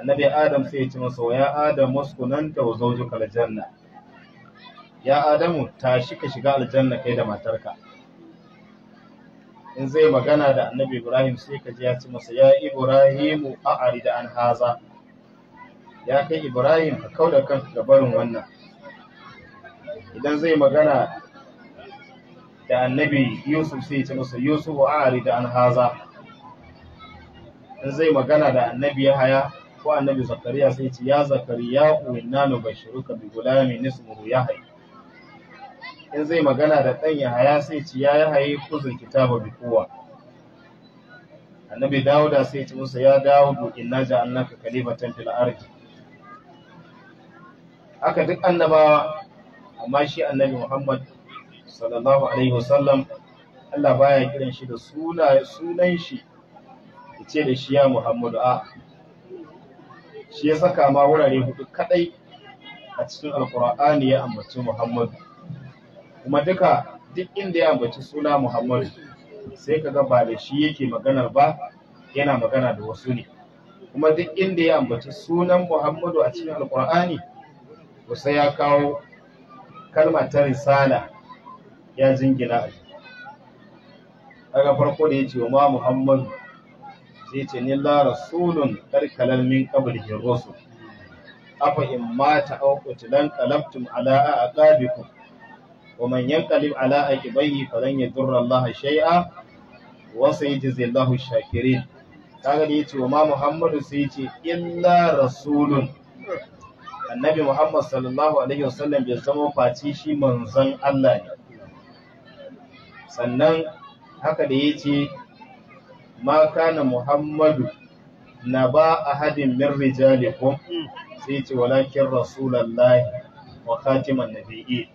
annabi adam sai ya ce masa wa ya adam uskunanta wa zawjuka aljanna ya adamu tashi ka shiga aljanna kai da matarka in zai magana da annabi ibrahim sai ka ji ya ce masa ya a a'rida an haza ya kai ibrahim ka kauda kanka ga barin wannan idan zai magana da annabi yusuf sai ya ce masa yusuf a a'rida an haza in zai magana da annabi ya haya ko annabi zakariya sai ce ya zakariya inna nubashiruka bi gulamin ismuhu yahya in zai magana da ɗan yahaya sai ce ya yahaye kuzin kitaba bi kuwa. annabi dawuda sai ce musa ya dawo inna ja'alnaka kalimatan fil ardi haka duk annabawa amma shi annabi muhammad sallallahu alaihi wasallam Allah baya kiran shi da sunan shi ya ce da shi ya muhammadu a shi ya saka ma wurare hudu kadai a cikin alkur'ani ya ambaci muhammadu kuma duka duk inda ya ambaci suna muhammadu sai ka ba da shi yake maganar ba yana magana da wasu ne kuma duk inda ya ambaci sunan muhammadu a cikin alkur'ani kusa ya kawo kalma ta risala ya jingina a daga farko da ya ce wa ma muhammadu zai ce ni la rasulun karkalar min qablihi rusul afa in mata aw qutilan qalabtum ala aqabikum wa man yanqalib ala aqibayhi falan yadurra Allah shay'a wa sayajzi Allahu shakirin kaga ne yace wa ma Muhammadu sai yace illa rasulun annabi Muhammad sallallahu alaihi wasallam bai zama faci shi manzon Allah ne sannan haka da yace ma kana muhammadu na ba a hadin min rijalikum sai ce walakin rasulallahi wa khatiman nabiyyi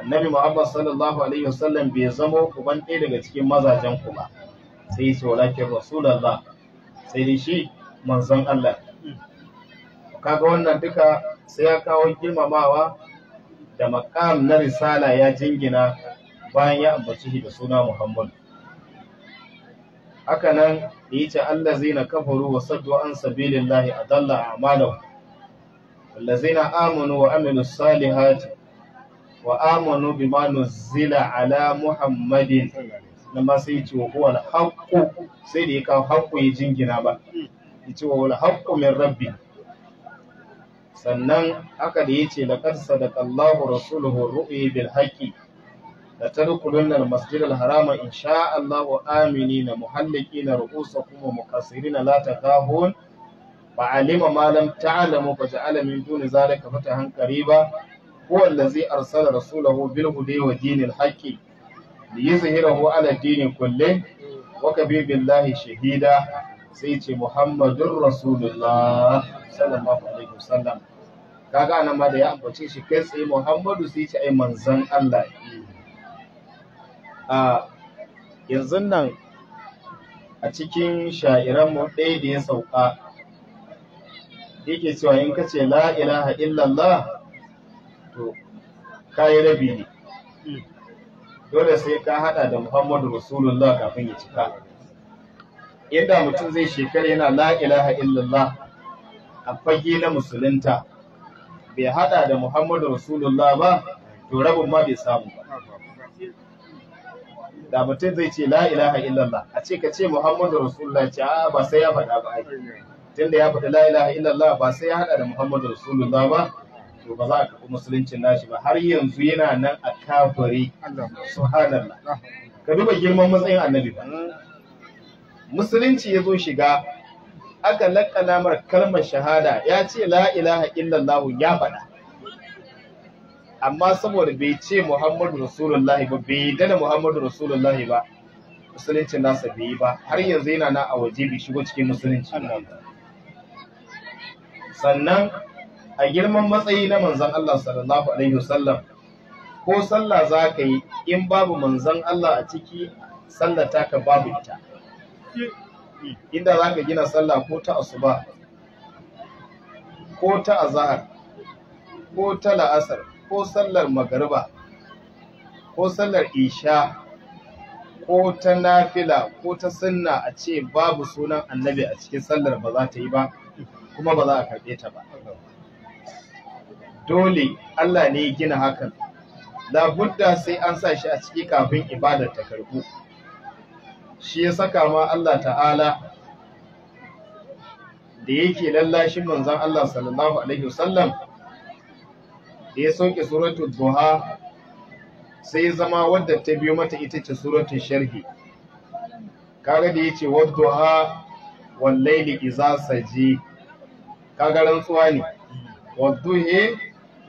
annabi muhammad sallallahu alaihi wasallam bai zama kuban ɗaya daga cikin mazajen ku ba sai ce walakin rasulallah sai dai shi manzon Allah kaga wannan duka sai ya kawo girmamawa da makam na risala ya jingina bayan ya ambaci shi da suna Muhammadu. haka nan da yace allazina kafaru wa saddu an sabilillahi Allah zai na amanu wa amilus salihati wa amanu ma nuzila ala muhammadin nan ba sai yace wa huwa al sai da ya kawo haqqu ya jingina ba yace wa huwa al min rabbi sannan haka da yace laqad sadaqa Allahu rasuluhu ru'ya bil haƙƙi. la tadkhulunna al-masjid al-harama insha Allah na aminina muhallikina ru'usakum wa muqassirina la takhafun fa alima ma lam ta'lamu fa ja'ala min duni zalika fatahan qariba huwa zai arsala rasulahu bil hudi wa dinil haqqi liyuzhirahu ala dini kulli wa kabi billahi shahida sai ce muhammadur rasulullah sallallahu alaihi wasallam kaga nan ma da ya ambace shi kai sai muhammadu sai ce ai manzon Allah a yanzun nan a cikin sha'iranmu ɗaya da ya sauka yake cewa in ka ce la ilaha illallah to ka yi rabi ne dole sai ka hada da muhammadu rasulullah kafin ya cika inda mutum zai shekara yana la ilaha illallah a fage na musulunta bai hada da muhammadu rasulullah ba to rabin ma bai samu ba da mutum zai ce la ilaha illallah a ce ka ce muhammadu rasulullah ce a ba sai ya faɗa ba tun tunda ya faɗi la ilaha illallah ba sai ya haɗa da muhammadu rasulullah ba to ba za a kafa musuluncin nashi ba har yanzu yana nan a kafiri subhanallah ka duba girman matsayin annabi ba musulunci ya zo shiga aka lakka namar kalmar shahada ya ce la ilaha illallah ya faɗa amma saboda bai ce Muhammadu Rasulullahi ba bai dana Muhammadu Rasulullahi ba musuluncin nasa bai yi ba har yanzu yana na a waje bai shigo cikin musulunci sannan a girman matsayi na manzan Allah sallallahu alaihi wasallam ko sallah za ka yi in babu manzan Allah a ciki sallah ka babu ita inda za ka gina sallah ko ta asuba ko ta azahar ko ta la'asar ko sallar magariba ko sallar isha ko ta nafila ko ta sunna a ce babu sunan annabi a cikin sallar ba za ta yi ba kuma ba za a karɓe ta ba dole Allah ne ya gina hakan labudda sai an sa shi a ciki kafin ibadar ta karɓu shi ya saka ma Allah ta'ala da yake lallashin manzon Allah sallallahu alaihi wasallam da ya sauke suratul duha sai zama wadda ta biyo mata ita ce suratul sharhi kaga da ce yace wadduha wallai layli iza saji kaga rantsuwa ne wadduhi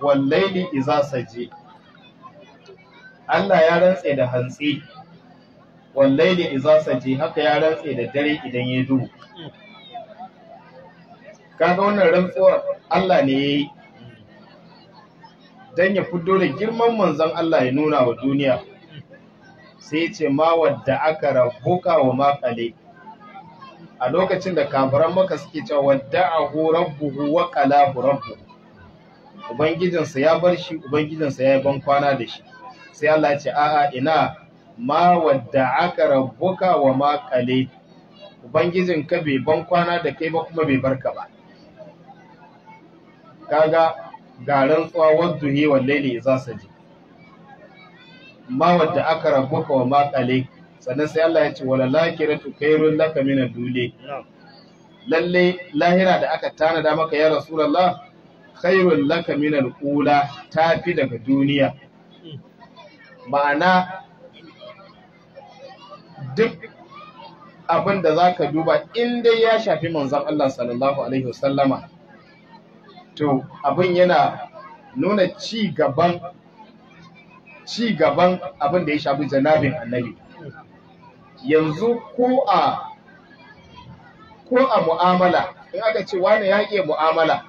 wallai layli iza saji Allah ya rantse da hantsi wallai da iza saji haka ya rantse da dare idan ya duhu kaga wannan rantsuwar Allah ne ya yi. don ya fito da girman manzan Allah ya nuna wa duniya sai ce ma wadda aka rabuka wa makale a lokacin da kafiran maka suke cewa wadda a buhu wa qalahu rabbu ubangijinsa ya bar shi ubangijinsa ya yi ban kwana da shi sai Allah ce a'a ina ma wadda aka rabuka wa makale ubangijinka bai ban kwana da kai ba kuma bai barka ba kaga ga rantsuwa wadda yi wallaili za su ji ma wadda aka rabuka wa makale sannan sai Allah ya ce wala lakiratu khairun laka min dule. lalle lahira da aka tanada maka ya rasulullah khairun laka min al-ula tafi daga duniya ma'ana duk abin da ka duba in dai ya shafi manzon Allah sallallahu alaihi wasallama to abin yana nuna ci gaban abin da ya shafi janabin annabi yanzu ko a mu'amala in aka ce wani ya iya mu'amala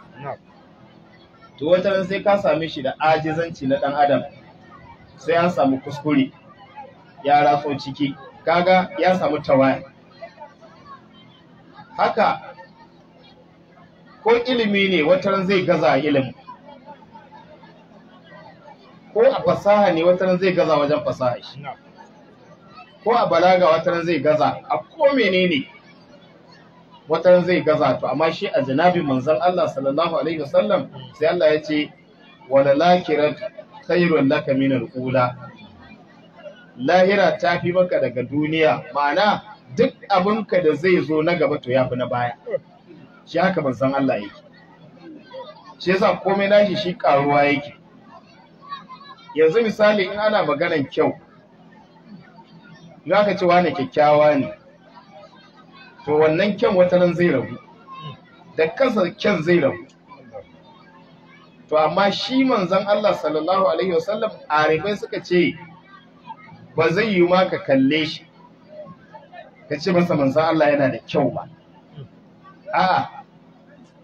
to wata sai ka same shi da ajizanci na dan adam sai an samu kuskure ya raso ciki kaga ya samu tawaya haka ko ilimi ne wataran zai gaza ilimi ko a fasaha ne wataran zai gaza wajen fasaha ko a balaga wataran zai gaza a ko menene wataran zai gaza to amma shi a zinabi manzan Allah sallallahu alaihi wasallam sai Allah ya ce wala lakirat khairun laka min al-ula lahira ta fi maka daga duniya ma'ana duk abinka da zai zo na gaba to ya fi na baya shi haka san Allah yake shi yasa komai nashi shi karuwa yake yanzu misali in ana maganan kyau za ka ce wane kyakkyawa ne to wannan kyan watanan zai rabu da kansa kyan zai rabu to amma shi manzon Allah sallallahu alaihi wasallam arifai suka ce ba zai yi ma ka kalle shi ka ce masa manzon Allah yana da kyau ba a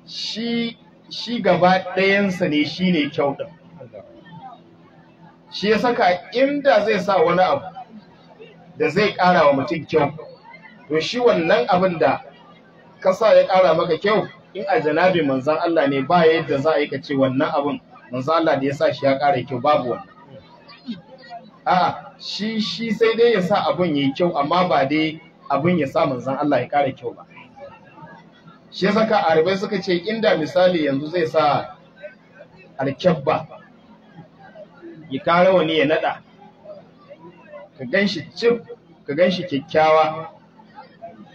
shi shi ne shi ne kyau ɗin shi ya saka inda zai sa wani abu da zai ƙara wa mutum kyau to shi wannan abin da ka sa ya ƙara maka kyau in a janabi manzan Allah ne ba yadda za a yi ka ce wannan abin manzan Allah da ya sa shi ya ƙara kyau babu wannan a shi shi sai dai ya sa abin ya yi kyau amma ba dai abin ya sa manzan Allah ya ƙara kyau ba shi saka arabai suka ce inda misali yanzu zai sa alkyabba ya kare wani ya nada ka gan shi cif ka gan shi kyakkyawa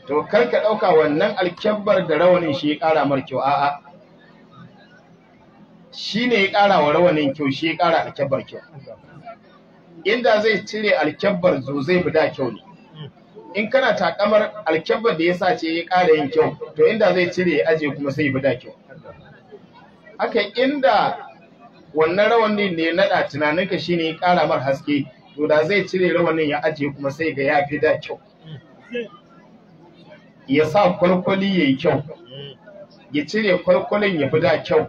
to kar ka ɗauka wannan alkyabbar da rawanin shi ya ƙara mar kyau a'a shi ne ya ƙara wa rawanin kyau shi ya ƙara alkyabbar kyau inda zai cire alkyabbar zo zai fi da kyau ne in kana takamar alkyabar da ya sace ya ƙara yin kyau to inda zai cire ya aje kuma sai bada kyau haka inda wannan rawanin ne naɗa tunaninka shine ya ƙara mar haske to da zai cire rawanin ya aje kuma sai ga ya fi da kyau ya sa kwalkwali ya yi kyau ya cire kwalkwalin ya fi da kyau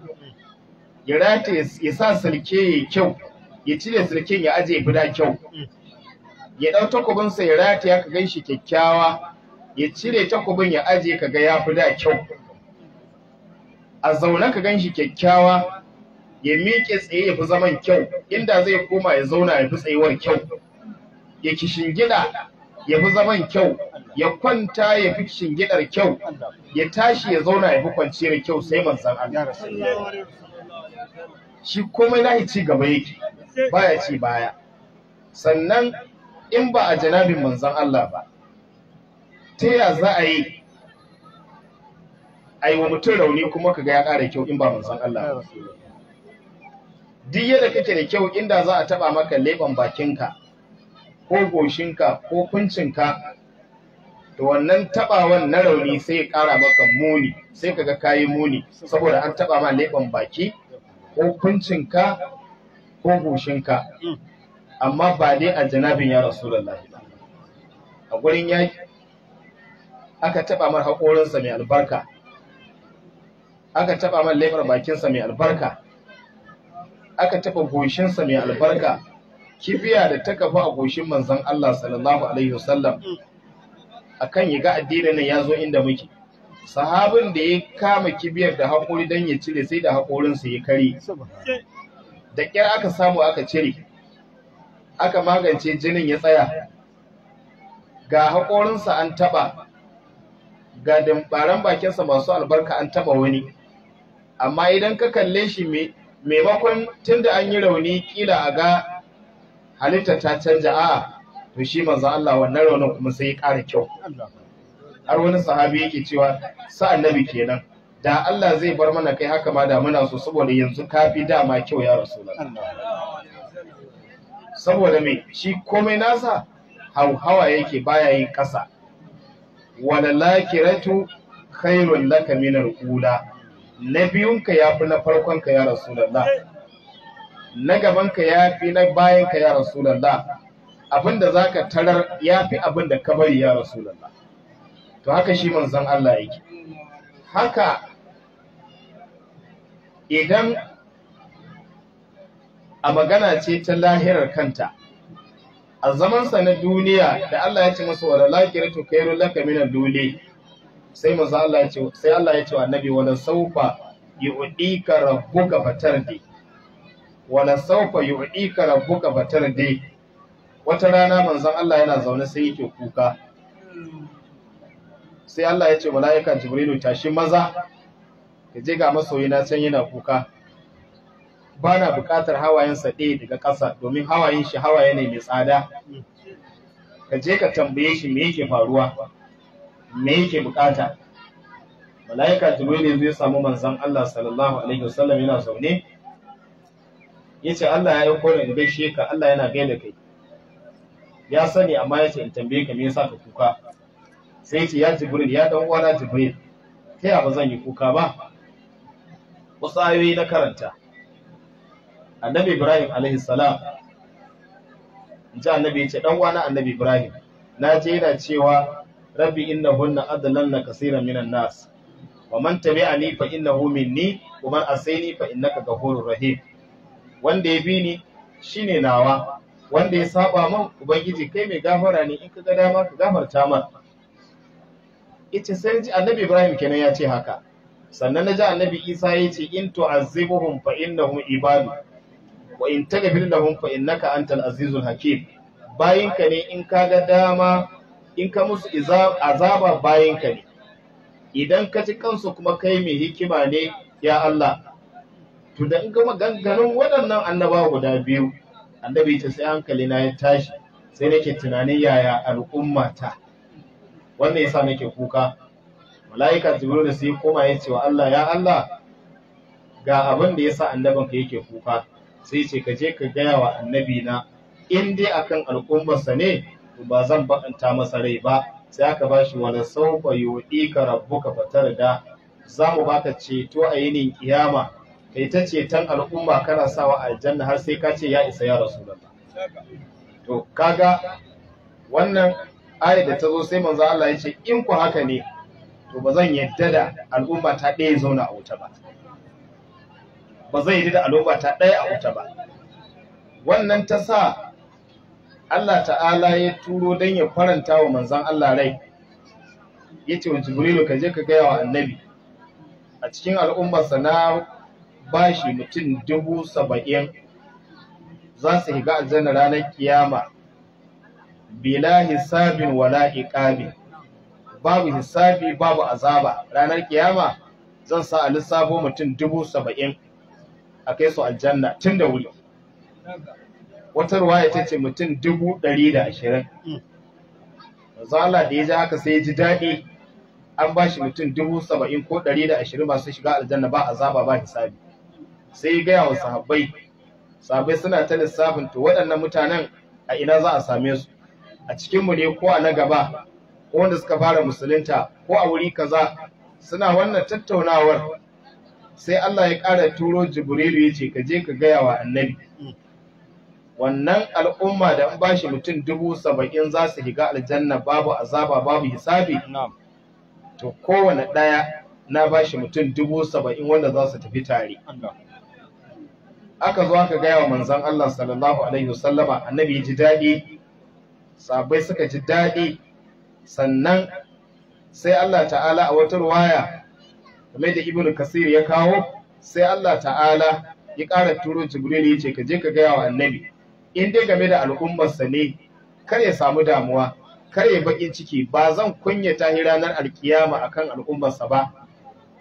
ya rata ya sa sulke ya yi kyau ya cire sulken ya aje ya fi da kyau ya ɗau takobin sa ya rataya ka gan shi kyakkyawa ya cire takobin ya aje ka ga ya fi da kyau a zaune ka gan shi kyakkyawa ya miƙe tsaye ya fi zaman kyau inda zai koma ya zauna ya fi tsayuwar kyau ya kishingida ya fi zaman kyau ya kwanta ya fi shingidar kyau ya tashi ya zauna ya fi kwanciyar kyau sai manzan Allah shi komai nahi ci gaba yake baya ci baya sannan in ba a janabin manzan Allah ba ta ya za a yi a yi wa mutum rauni kuma ka ga ya ƙara kyau in ba manzan Allah ba duk yadda kake da kyau inda za a taba maka leɓen bakinka ko goshinka ko kuncinka to wannan tabawan na rauni sai ya ƙara maka muni sai ka ga kayi muni saboda an taɓa ma leɓen baki ko kuncinka ko goshinka amma ba dai a janabin ya rasulullahi ba a gurin yaki aka taba mar haƙorinsa mai albarka aka taba mar laifar bakinsa mai albarka aka taba goshinsa mai albarka kibiya da ta kafa a goshin manzan Allah sallallahu alaihi wasallam yi ga addinin nan ya zo inda muke sahabin da ya kama kibiyar da haƙori don ya cire sai da haƙorinsa ya kare da ƙyar aka samu aka cire aka magance jinin ya tsaya ga haƙorinsa an taɓa ga dimbaran bakinsa masu albarka an taɓa wani amma idan ka kalle shi maimakon tunda an yi rauni kila a ga halitta ta canja a to shi manzo Allah wannan raunin kuma sai ya ƙara kyau har wani sahabi yake cewa sa annabi kenan da Allah zai bar mana kai haka ma da muna so saboda yanzu kafi dama kyau ya rasu. saboda me shi komai nasa hauhawa yake baya yin ƙasa wala lakiratu khairun laka min al-ula na ya yafi na farkonka ya rasulullah na gabanka yafi na ka ya rasulullah abinda zaka tarar yafi abinda ka bari ya rasulullah to haka shi manzon Allah yake haka idan a magana ce ta lahirar kanta a zamansa na duniya da Allah ya ce masa wala to khairul laka min ad-duli sai maza Allah ya ce sai Allah ya ce wa annabi wala saufa yu'dika rabbuka fatardi wala saufa yu'dika rabbuka fatardi wata rana manzon Allah yana zaune sai yake kuka sai Allah ya ce mala'ika Jibrilu tashi maza ka je ga masoyina can yana kuka bana na buƙatar hawayensa ɗaya daga ƙasa domin hawayen shi hawaye ne mai tsada ka je ka tambaye shi me yake faruwa me yake buƙata mala'ika jibril zai samu manzon Allah sallallahu alaihi wasallam yana zaune yace Allah ya yi kore in gaishe ka Allah yana gaida kai ya sani amma yace in tambaye ka me yasa ka kuka sai yace ya jibril ya dan uwana jibril ta ba zan yi kuka ba wasu ayoyi na karanta annabi ibrahim alaihi salam ji annabi ya ce dan wani annabi ibrahim na je yana cewa rabbi innahunna adlalna kaseeran minan nas wa man tabi'ani fa innahu minni wa man asaini fa innaka ghafurur rahim wanda ya bi ni shine nawa wanda ya saba man ubangiji kai mai gafara ne in ka ga dama ka gafarta man ita sai ji annabi ibrahim kenan ya ce haka sannan na ji annabi isa ya ce in tu'azzibuhum fa innahum ibadu wa in taghfir lahum fa innaka antal azizul hakim bayinka ne in ka ga dama in ka musu azaba bayinka ne idan ka ci kansu kuma kai mai hikima ne ya Allah to da in ga maganganun waɗannan annaba guda biyu annabi ta sai hankali na ya tashi sai nake tunanin yaya al'umma ta wannan yasa nake kuka mala'ika jibril sai koma ya ce wa Allah ya Allah ga abin da yasa annabinka yake kuka sai ce ka je ka gaya wa annabi na in dai akan sa ne to ba zan bakanta masa rai ba sai aka ba shi wala saufa ka rabbuka da za mu baka ceto a yinin kiyama kai ta ceton al'umma kana sawa aljanna har sai ka ce ya isa ya rasulullah to kaga wannan ayat da ta zo sai manzo Allah ya ce in ku haka ne to ba zan yadda da al'umma ta ɗaya zauna a wuta ba ba zai yi da aloba ta ɗaya a wuta ba wannan ta sa Allah ta'ala ya turo don ya faranta wa manzan Allah rai ya ce wa jibrilu ka je ka gaya wa annabi a cikin al'ummarsa na bashi mutum dubu saba'in za su higa aljanna ranar kiyama bila hisabin wala iqabi babu hisabi babu azaba ranar kiyama zan sa a lissafo mutum dubu saba'in a kai su aljanna tun da wuri wata ruwaya ta ce mutum dubu ɗari da ashirin zala da ya ji haka sai ya ji daɗi an ba shi mutum dubu saba'in ko ɗari da ashirin masu shiga aljanna ba azaba ba hisabi sai gaya wa sahabbai sahabbai suna ta lissafin to waɗannan mutanen a ina za a same su a cikinmu ne ko a na gaba ko wanda suka fara musulunta ko a wuri kaza suna wannan tattaunawar sai Allah ya ƙara turo Jibrilu ya ce ka je ka gaya wa annabi hmm. wannan al'umma da an bashi mutum dubu saba'in za su shiga aljanna babu azaba babu hisabi to kowane ɗaya na bashi mutum dubu saba'in wanda za su tafi tare aka zo aka gaya wa manzan Allah sallallahu alaihi wasallama annabi ji daɗi sabai suka ji daɗi sannan sai Allah ta'ala a wata ruwaya kamar da ibnu kasir ya kawo sai Allah ta'ala ya ƙara turo jibril ya ce ka je ka gaya wa annabi in dai game da al'ummarsa ne kar ya samu damuwa kar ya bakin ciki ba zan kunyata hi ranar alkiyama akan al'ummarsa ba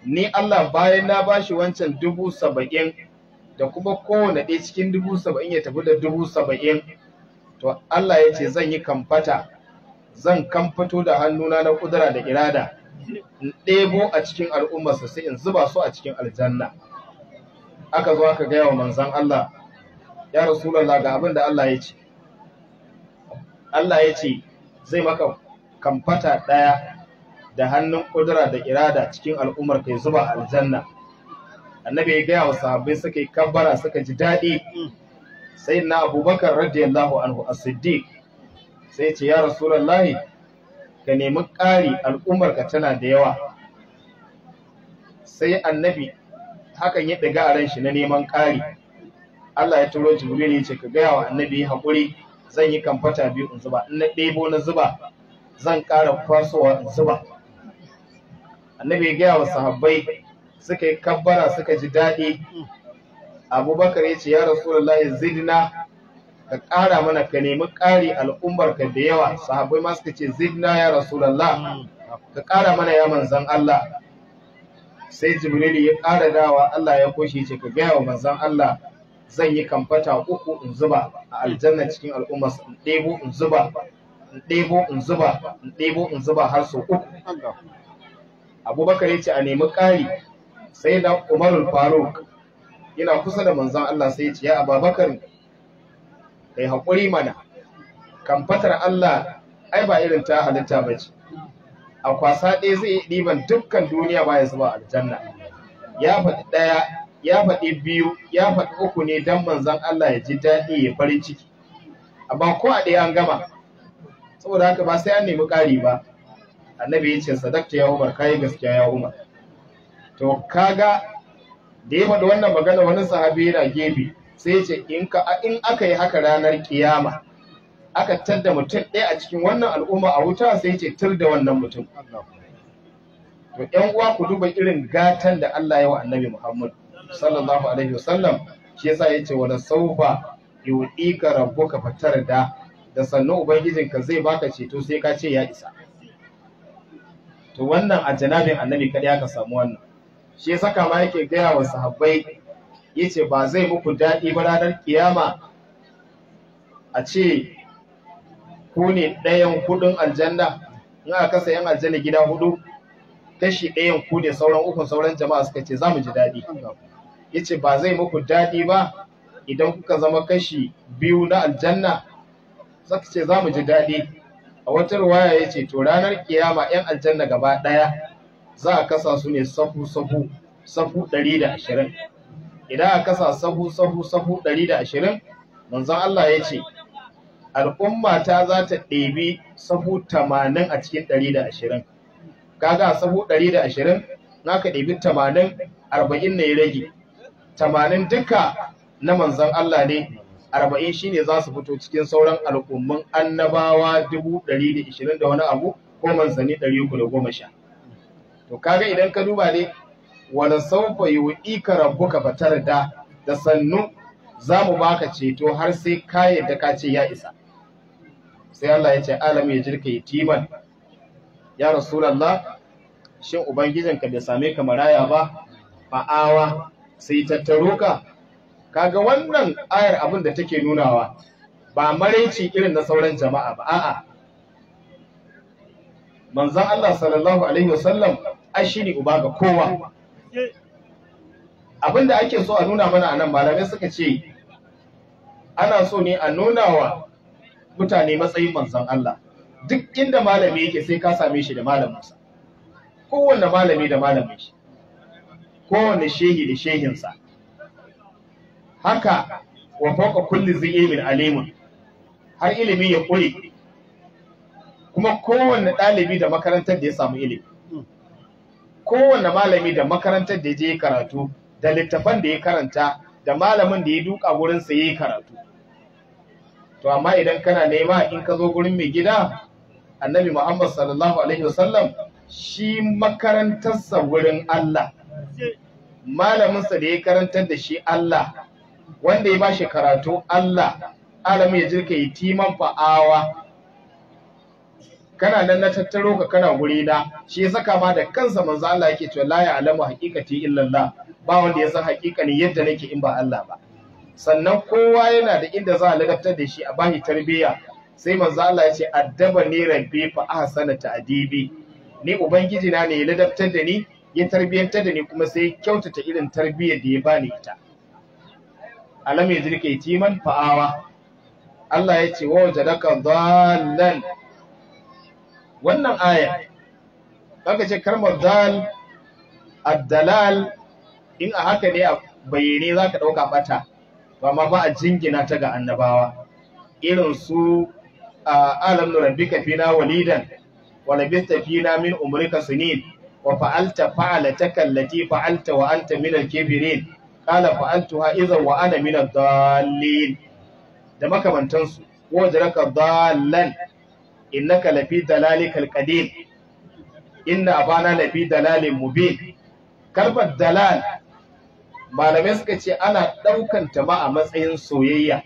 ni Allah bayan na bashi wancan dubu saba'in da kuma kowane ɗaya cikin dubu saba'in ya tafi da dubu saba'in to Allah ya ce zan yi kamfata zan kamfato da hannuna na kudura da irada in ɗebo a cikin al'ummarsa sai in zuba su a cikin aljanna aka zo aka gaya wa manzan Allah ya rasulallah ga abin Allah ya ce Allah ya ce zai maka kamfata ɗaya da hannun ƙudura da irada cikin al'ummar kai zuba aljanna annabi ya gaya wa sahabbai suka yi kabbara suka ji daɗi sai na abubakar radiyallahu anhu a siddiq sai ce ya rasulallah ka nemi ƙari al'ummarka tana da yawa sai annabi hakan ya ɗiga a ran shi na neman ƙari Allah ya turo jibril ya ce ka gaya wa annabi haƙuri zan yi kamfata biyu in zuba in na ɗebo na zuba zan ƙara kwasowa in zuba annabi ya gaya wa sahabbai suka yi kabbara suka ji daɗi abubakar ya ce ya rasulullahi zidna ka ƙara mana ka nemi ƙari al'ummar ka da yawa sahabbai ma suka ce zidna ya rasulullah ka ƙara mana ya manzan Allah sai jibrilu ya ƙara dawa Allah ya koshe ce ka gaya wa manzan Allah zan yi kamfata uku in zuba a aljanna cikin al'umma in ɗebo in zuba in ɗebo in zuba in ɗebo in zuba har sau uku abubakar ya ce a nemi ƙari sai da umarul faruk yana kusa da manzan Allah sai ya ce ya ababakar kai eh, haƙuri mana kamfatar Allah ai ba irin ta halitta ba ce a kwasa ɗaya zai ɗiban dukkan duniya ba ya zuba aljanna ya faɗi ɗaya ya faɗi biyu ya faɗi uku ne don manzon Allah ya ji daɗi ya farin ciki amma ko a ɗaya an gama saboda haka ba sai an nemi ƙari ba annabi ya ce sadakta ya umar kayi gaskiya ya umar to kaga da ya faɗi wannan magana wani sahabi yana gefe sai ce in aka yi haka ranar kiyama aka tadda mutum ɗaya a cikin wannan al'umma a wuta sai ce tur da wannan mutum to 'yan uwa ku duba irin gatan da Allah ya wa annabi Muhammad sallallahu alaihi wasallam shi yasa yace wala saufa yu'ika rabbuka fatar da sannu ka zai baka ceto sai ka ce ya isa to wannan a janabin annabi kada ka samu wannan shi ya saka ma yake gaya wa sahabbai ya ce ba zai muku daɗi ba ranar kiyama a ce ku ne ɗayan hudun aljanna in aka kasa yan aljanna gida hudu kashi ɗayan ku ne sauran uku sauran jama'a suka ce za mu ji daɗi ya ce ba zai muku daɗi ba idan kuka zama kashi biyu na aljanna suka ce za mu ji daɗi a wata ruwaya ya ce to ranar kiyama yan aljanna gaba ɗaya za a kasa su ne safu safu safu ɗari da ashirin idan a kasa sahu sahu sahu 120 manzon Allah ya ce al'umma ta za ta ɗebi sahu 80 a cikin 120 kaga sahu 120 naka ɗebi 80 40 ne ya rage 80 duka na manzon Allah ne arba'in shine za su fito cikin sauran al'umman annabawa 120 da wani abu ko manzanni ɗari to kaga idan ka duba ne wala ka rabu ka batar da sannu za mu baka ceto har sai ka yadda ka ce ya isa sai Allah ya ce alam ya jirka timan. ya rasulullah shin ka bai same ka maraya ba ma'awa sai tattaro ka kaga wannan ayar abin da take nunawa ba maraici irin na sauran jama'a ba a'a manzon Allah sallallahu alaihi wasallam uba ga kowa abin da ake so a nuna mana a nan malamai suka ce ana so ne a nuna wa mutane matsayin manzon Allah duk inda malami yake sai ka same shi da malaminsa kowanne malami da malamin shi kowanne shehi da shehinsa haka wa fauka kulli zilimin alimun har ilimi ya ƙure kuma kowanne ɗalibi da makarantar da ya samu ilimi Kowane malami da makarantar da je karatu da littafan da ya karanta da malamin da ya duka gurin sa yi karatu to amma idan kana nema in ka zo wurin mai gida annabi muhammad sallallahu alaihi wasallam shi makarantarsa wurin allah malaminsa da ya karantar da shi allah wanda ya ba shi karatu allah alamin ya jirka yi timan fa'awa kana nan na tattaro ka kana guri na shi ya saka ma da kansa manzo Allah yake cewa la ya'lamu haqiqati illa Allah ba wanda ya san ne yadda nake in ba Allah ba sannan kowa yana da inda za a ladabtar da shi a bashi tarbiyya sai manzo Allah ya ce addaba ni rabbi fa ahsana ta'dibi ni ubangiji na ne ya ladabtar da ni ya tarbiyantar da ni kuma sai kyautata irin tarbiyyar da ya bani ita alam yajrika yatiman fa'awa Allah ya ce wa wajadaka dhallan wannan aya kaka ce kalmar dal addalal in a haka ne a bayyane za ka ɗauka ɓata ba ma ba a jingina ta ga annabawa irin su a alam rabbika fina walidan wa fina min umrika sunin wa fa'alta fa'alataka allati fa'alta wa anta min al-kabirin qala fa'altuha idhan wa ana min ad da makamantansu wa dallan innaka lafi dalalikal qadim inna abana lafi dalalin mubin kalmar dalal malamai suka ce ana daukan ta ma a matsayin soyayya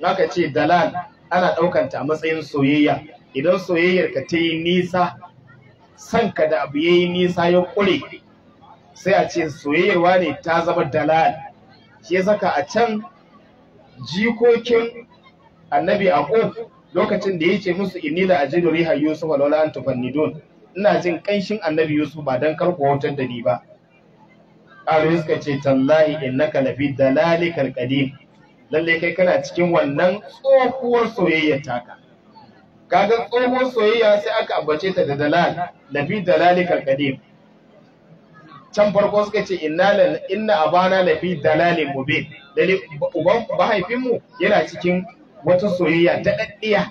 naka ce dalal ana daukan ta a matsayin soyayya idan soyayyar ka ta yi nisa san ka da abu yayi nisa ya kure sai a ce soyayyarwa ne ta zama dalal shi ya saka a can jikokin annabi aqub lokacin da ya ce musu inni la ajidu riha yusuf laula an tufannidun ina jin kanshin annabi yusuf ba dan kar ku da ni ba qalu suka ce tallahi innaka lafi dalalikal qadim lalle kai kana cikin wannan tsohuwar soyayyar taka kaga tsohuwar soyayya sai aka ambace ta da dalal lafi dalalikal qadim can farko suka ce inna abana lafi dalalin mubin lalle uban mahaifinmu yana cikin wata soyayya ta daddiya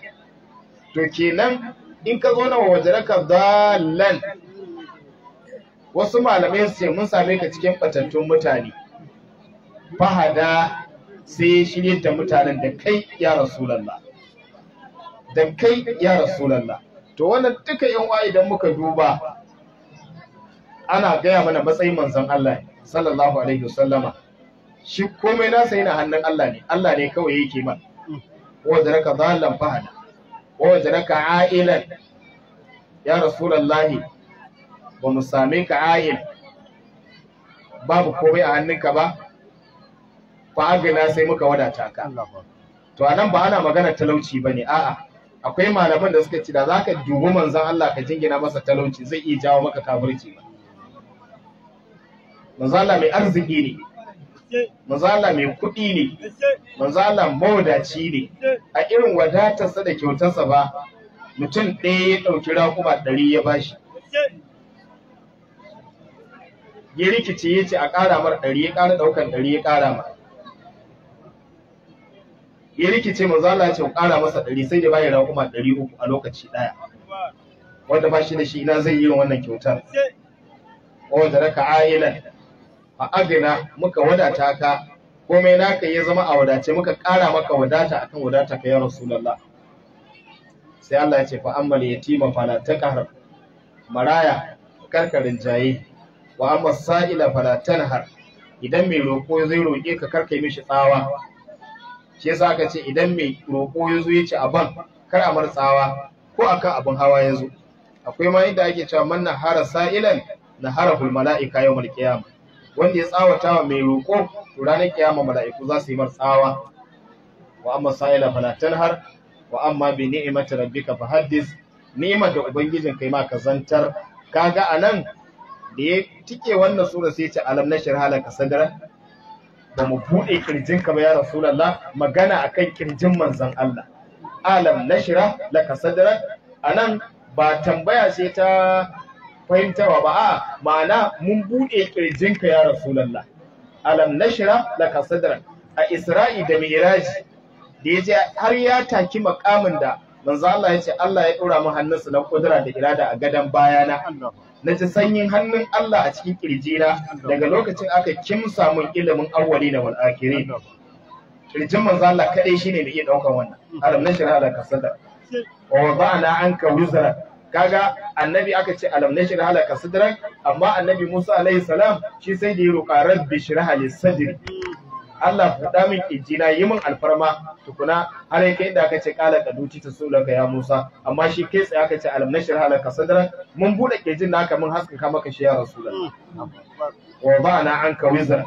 to kenan in ka zo na wajaraka dalal wasu malamai su ce mun same ka cikin batattun mutane fahada sai shirye ta mutanen da kai ya rasulallah da kai ya rasulallah to wannan duka yan wa idan muka duba ana gaya mana matsayin manzon Allah sallallahu alaihi wasallama shi komai nasa yana hannun Allah ne Allah ne kawai yake mana ووجدك ضالا rasu ووجدك Lahi, ba mu same ka ail babu komai a hannunka ba fa sai muka wadata ka to anan ba ana magana talauci ne. a'a akwai malaman da suka ce da zaka dubi manzan Allah ka jingina masa talauci zai iya jawo maka kafirci ba manzan Allah mai arziki ne Mazala mai kuɗi ne manzo maudaci ne a irin wadatarsa da kyautarsa ba mutum ɗaya ya ɗauki raƙuma ɗari ya ba shi. ya rikice ya ce a ƙara mar ɗari ya ƙara ɗaukan ɗari ya ƙara mar ya rikice mazala ce ya ƙara masa ɗari sai da bayi raƙuma ɗari uku a lokaci ɗaya wanda ba shi da shi ina zai yi wannan kyautar wanda raka ayyana. a agina muka wadata ka komai naka ya zama a wadace muka kara maka wadata akan wadata ka ya rasulullah sai Allah ya ce fa ya yatima fala taqhar maraya karkarin jaye wa amma sa'ila fala tanhar idan mai roƙo zai roƙe ka karka yi mishi tsawa shi yasa aka ce idan mai roƙo ya zo ya ci aban kar a mar tsawa ko akan abin hawa ya zo akwai ma inda ake cewa manna hara sa'ilan nahara hul mala'ika yawmal qiyamah wanda ya tsawata wa mai roƙo to ranar kiyama mala'iku za su yi mar tsawa wa amma sa'ila fala tanhar wa amma bi ni'imati rabbika fa haddis ni'imar da ubangijin kai ma ka zantar kaga anan da ya tike wannan sura sai ta alam nashir halaka sadra ba mu bude kirjin ka ba ya rasulullah magana akan kirjin manzon Allah alam nashira laka sadra anan ba tambaya sai ta fahimtawa ba a ma'ana mun buɗe ƙirjinka ya rasulallah alam nashra laka sadrak a isra'i da miraji da ya ce har ya taki makamin da manzo Allah ya ce Allah ya ɗora mu hannunsa na kudura da irada a gadon bayana na ji sanyin hannun Allah a cikin ƙirjina daga lokacin aka kimsa samun ilimin awwali da walakirin Ƙirjin manzo Allah shine da iya ɗaukan wannan alam nashra laka sadrak wa wada'na anka wizra kaga annabi aka ce alam na shirha laka sidran amma annabi Musa alaihi salam shi sai da ya roƙa rabbi shirha li sadri Allah faɗa min na yi min alfarma tukuna har yake inda aka ce kala kaduti ta sulaka ya Musa amma shi kai tsaye aka ce alam na shirha laka mun bude ƙirjin naka mun haskaka maka shi ya rasulullah wa ba na an ka wizar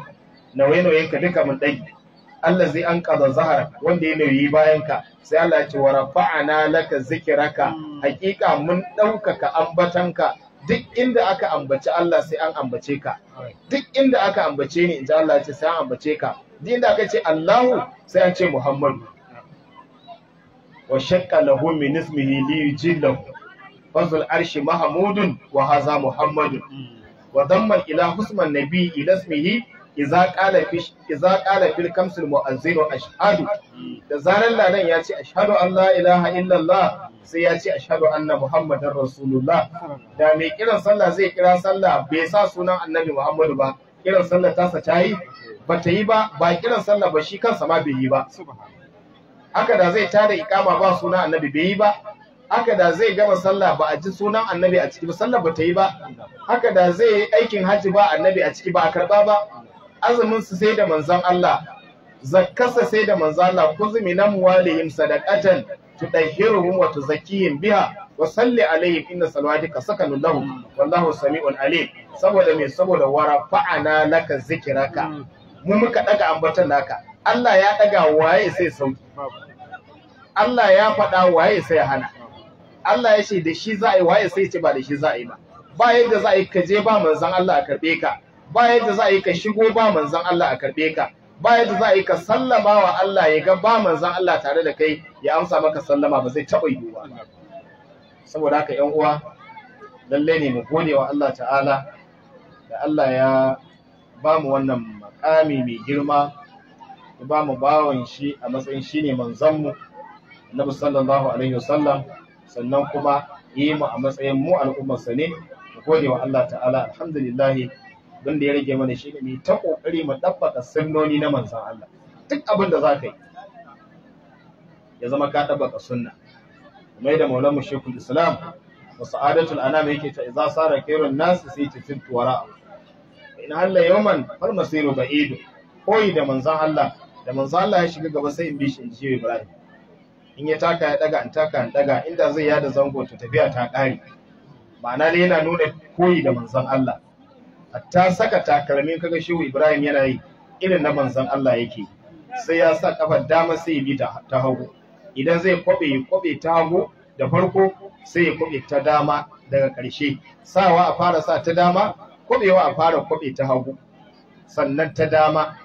nauye-nauyen ka duka mun ɗage Allah zai an kaza zahar wanda ya nauyi bayan ka sai Allah ya ce wa rafa'ana laka zikiraka hakika mun ɗaukaka ambatanka duk inda aka ambaci Allah sai an ambace ka duk inda aka ambace ni inji Allah ya ce sai an ambace ka duk inda aka ce Allahu sai an ce Muhammadu wa shakka lahu min ismihi li yujillahu fazul arshi mahmudun wa haza muhammadun wa dhamma ila husman nabi ila ismihi iza qala fi iza qala fil kamsil mu'azzin ashhadu da zaran ladan ya ce ashhadu an la ilaha illallah sai ya ce ashhadu anna muhammadar rasulullah da mai kiran sallah zai kira sallah bai sa sunan annabi muhammadu ba kiran sallah tasa ta yi ba ta yi ba ba kiran sallah ba shi kansa ma bai yi ba haka da zai tada ikama ba sunan annabi bai yi ba haka da zai gama sallah ba a ji sunan annabi a ciki ba sallah ba ta yi ba haka da zai yi aikin hajji ba annabi a ciki ba a karba ba azumin su sai da manzon Allah zakkasa sai da manzon Allah kuzumi nan walihim sadaqatan tudahhiruhum wa tuzakkihim biha wa salli alaihim inna salawatika sakanun lahu wallahu sami'un alim saboda me saboda wara fa'ana laka zikraka mm. mu muka daga ambatan naka Allah ya daga waye sai sauki Allah ya faɗa waye sai hana Allah ya ce da shi za a yi waye sai ce ba da shi za a yi ba ba yadda za a yi kaje ba manzon Allah a karbe ka ba yadda za a yi ka shigo ba manzon Allah a karɓe ka ba yadda za a yi ka sallama wa Allah ya ga ba manzon Allah tare da kai ya amsa maka sallama ba zai taɓa yiwuwa saboda haka yan uwa lallai ne mu gode wa Allah ta'ala da Allah ya ba mu wannan makami mai girma ya ba mu bawon shi a matsayin shi ne mu. annabi sallallahu alaihi wasallam sannan kuma yi mu a matsayin mu al'ummarsa ne mu gode wa Allah ta'ala alhamdulillah abin da ya rage mana shi ne ta kokari mu dabbaka sunnoni na manzon Allah duk abin da za ka yi ya zama ka dabbaka sunna mai da maulamu shehu islam wa sa'adatul anam yake ta idza sara kairun nas sai ta tintu wara in Allah yawman fal masiru ba'idu koyi da manzon Allah da manzon Allah ya shiga gaba sai in bi shi in ji Ibrahim in ya taka ya daga in taka in daga inda zai yada zango ta tafiya ta kare ma'ana ne yana nuna koyi da manzon Allah ta saka takalmin kaga shehu ibrahim yana yi irin na manzon Allah yake sai ya sa kafar dama sai ya bi ta hagu idan zai kwabe ya kwabe ta hagu da farko sai ya kwabe ta dama daga ƙarshe sawa a fara sa ta dama kwabewa a fara kwabe ta hagu sannan ta dama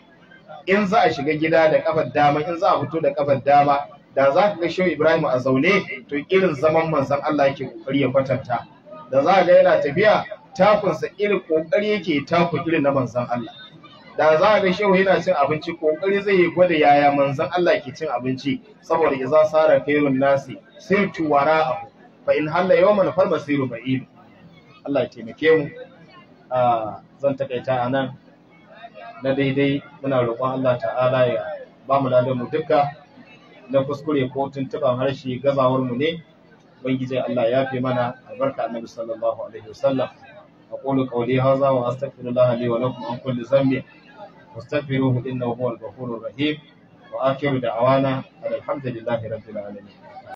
in za a shiga gida da kafar dama in za a fito da kafar dama da za ka ga shehu ibrahim a zaune to irin zaman manzon Allah yake kokari ya kwatanta da za ga yana tafiya sa irin kokari yake takun irin na manzan Allah da za a ga shehu yana cin abinci kokari zai yi gwada yaya manzan Allah ke cin abinci saboda idza sara khairun nasi sirtu wara'ahu fa in halla yawman fal masiru ba'id Allah ya taimake mu zan takaita nan. na daidai muna roƙon Allah ta'ala ya ba mu mu dukka na kuskure ko tuntuban harshe gazawar mu ne ubangijin Allah ya fi mana albarka annabi sallallahu alaihi wasallam أقول قولي هذا وأستغفر الله لي ولكم عن كل ذنب واستغفروه إنه هو الغفور الرحيم وآخر دعوانا أن الحمد لله رب العالمين